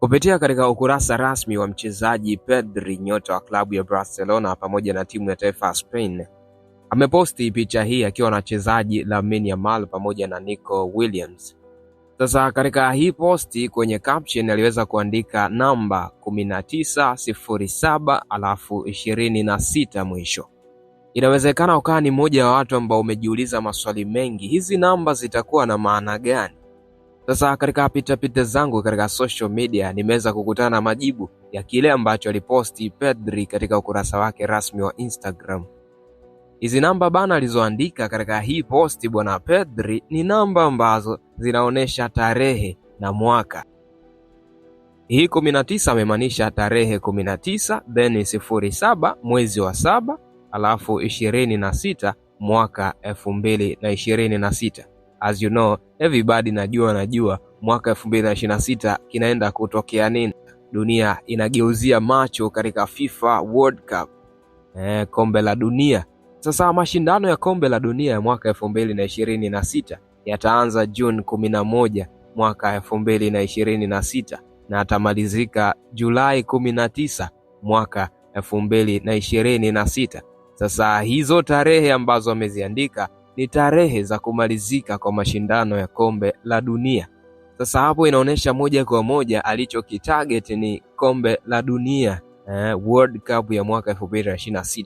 Kupitia katika ukurasa rasmi wa mchezaji Pedri, nyota wa klabu ya Barcelona pamoja na timu ya taifa ya Spain, ameposti picha hii akiwa na wachezaji Lamine Yamal pamoja na Nico Williams. Sasa katika hii posti kwenye caption aliweza kuandika namba 1907 alafu 26 mwisho. Inawezekana ukawa ni mmoja wa watu ambao umejiuliza maswali mengi, hizi namba zitakuwa na maana gani? Sasa katika pitapita zangu katika social media nimeweza kukutana na majibu ya kile ambacho aliposti Pedri katika ukurasa wake rasmi wa Instagram. Hizi namba bana alizoandika katika hii posti bwana Pedri ni namba ambazo zinaonyesha tarehe na mwaka. Hii 19 amemaanisha tarehe 19 then 07 mwezi wa saba alafu 26 mwaka 2026 as you know, everybody najua najua mwaka 2026 kinaenda kutokea nini. Dunia inageuzia macho katika FIFA World Cup eh, kombe la dunia. Sasa mashindano ya kombe la dunia ya mwaka 2026 yataanza Juni 11 mwaka 2026 na atamalizika Julai 19 mwaka 2026. Sasa hizo tarehe ambazo ameziandika ni tarehe za kumalizika kwa mashindano ya kombe la dunia. Sasa hapo inaonyesha moja kwa moja alichokitarget ni kombe la dunia eh, World Cup ya mwaka 2026.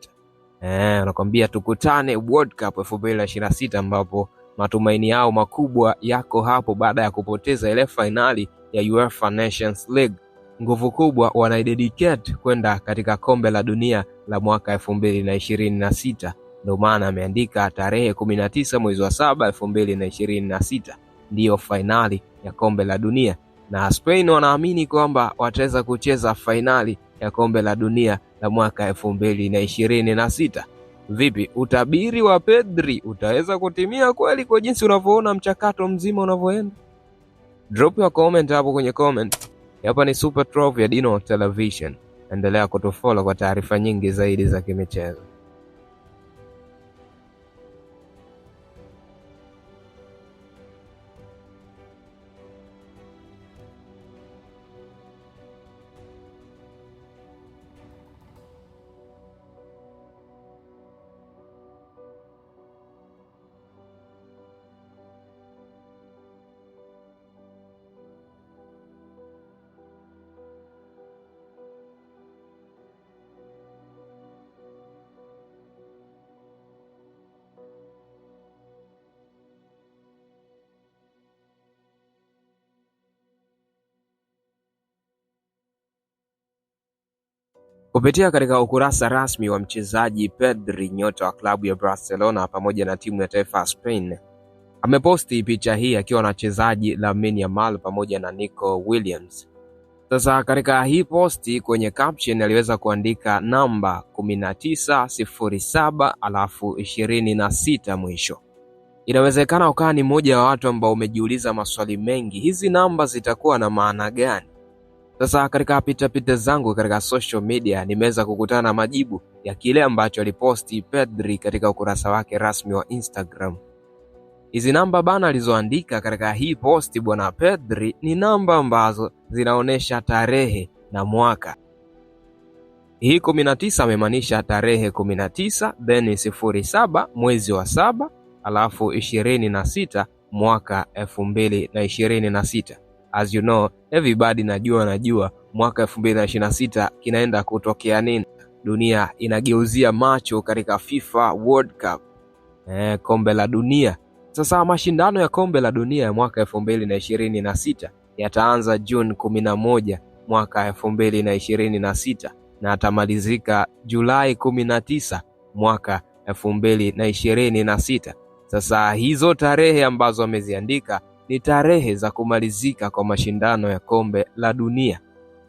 Eh, anakwambia tukutane World Cup 2026 ambapo matumaini yao makubwa yako hapo baada ya kupoteza ile fainali ya UEFA Nations League. Nguvu kubwa wanaidedicate kwenda katika kombe la dunia la mwaka 2026. Ndio maana ameandika tarehe 19 mwezi wa saba elfu mbili na ishirini na sita ndiyo fainali ya kombe la dunia, na Spain wanaamini kwamba wataweza kucheza fainali ya kombe la dunia la mwaka elfu mbili na ishirini na sita. Vipi, utabiri wa Pedri utaweza kutimia kweli kwa jinsi unavyoona mchakato mzima unavyoenda? Drop your comment hapo kwenye comment. Hapa ni Super Trove ya Dino Television, endelea kutufollow kwa taarifa nyingi zaidi za kimichezo. Kupitia katika ukurasa rasmi wa mchezaji Pedri nyota wa klabu ya Barcelona pamoja na timu ya taifa ya Spain ameposti picha hii akiwa na wachezaji Lamine Yamal pamoja na Nico Williams. Sasa katika hii posti kwenye caption aliweza kuandika namba 1907 alafu 26 mwisho. Inawezekana ukawa ni mmoja wa watu ambao umejiuliza maswali mengi, hizi namba zitakuwa na maana gani? Sasa katika pitapita zangu katika social media nimeweza kukutana na majibu ya kile ambacho aliposti Pedri katika ukurasa wake rasmi wa Instagram. Hizi namba bana alizoandika katika hii posti bwana Pedri ni namba ambazo zinaonyesha tarehe na mwaka. Hii 19 amemaanisha tarehe 19 then 07 mwezi wa saba alafu 26 mwaka 2026 as you know, everybody najua najua mwaka 2026 kinaenda kutokea nini. Dunia inageuzia macho katika FIFA World Cup, eh, kombe la dunia. Sasa mashindano ya kombe la dunia ya mwaka 2026 yataanza Juni 11 mwaka 2026 na atamalizika Julai 19 mwaka 2026. Sasa hizo tarehe ambazo ameziandika ni tarehe za kumalizika kwa mashindano ya kombe la dunia.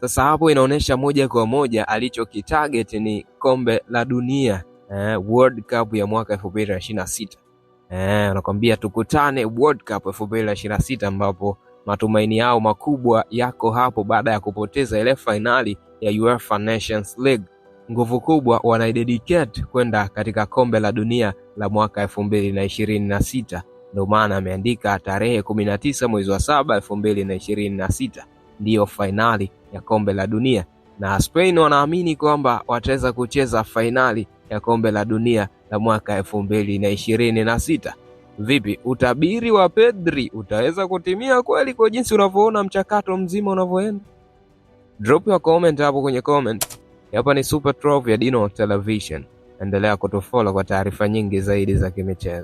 Sasa hapo inaonyesha moja kwa moja alichokitarget ni kombe la dunia eh, World Cup ya mwaka 2026. Eh, anakwambia tukutane World Cup 2026 ambapo matumaini yao makubwa yako hapo baada ya kupoteza ile fainali ya UEFA Nations League. Nguvu kubwa wanaidedicate kwenda katika kombe la dunia la mwaka elfu mbili na ishirini na sita. Ndio maana ameandika tarehe 19 mwezi wa saba elfu mbili na ishirini na sita ndiyo fainali ya kombe la dunia, na Spain wanaamini kwamba wataweza kucheza fainali ya kombe la dunia la mwaka elfu mbili na ishirini na sita. Vipi, utabiri wa Pedri utaweza kutimia kweli kwa jinsi unavyoona mchakato mzima unavyoenda? Drop your comment hapo kwenye comment. Hapa ni Super 12 ya Dino Television, endelea kutufollow kwa taarifa nyingi zaidi za kimichezo.